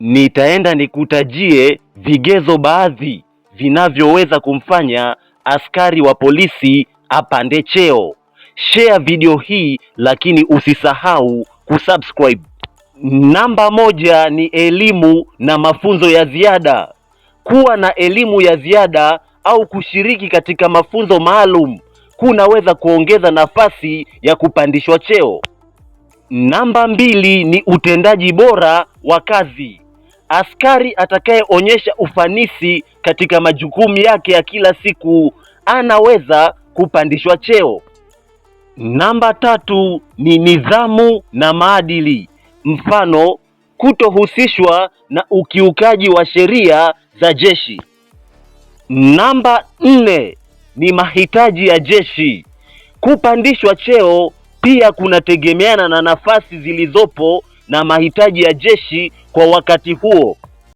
Nitaenda nikutajie vigezo baadhi vinavyoweza kumfanya askari wa polisi apande cheo. Share video hii lakini usisahau kusubscribe. Namba moja ni elimu na mafunzo ya ziada. Kuwa na elimu ya ziada au kushiriki katika mafunzo maalum kunaweza kuongeza nafasi ya kupandishwa cheo. Namba mbili ni utendaji bora wa kazi. Askari atakayeonyesha ufanisi katika majukumu yake ya kila siku anaweza kupandishwa cheo. Namba tatu ni nidhamu na maadili, mfano kutohusishwa na ukiukaji wa sheria za jeshi. Namba nne ni mahitaji ya jeshi. Kupandishwa cheo pia kunategemeana na nafasi zilizopo na mahitaji ya jeshi kwa wakati huo.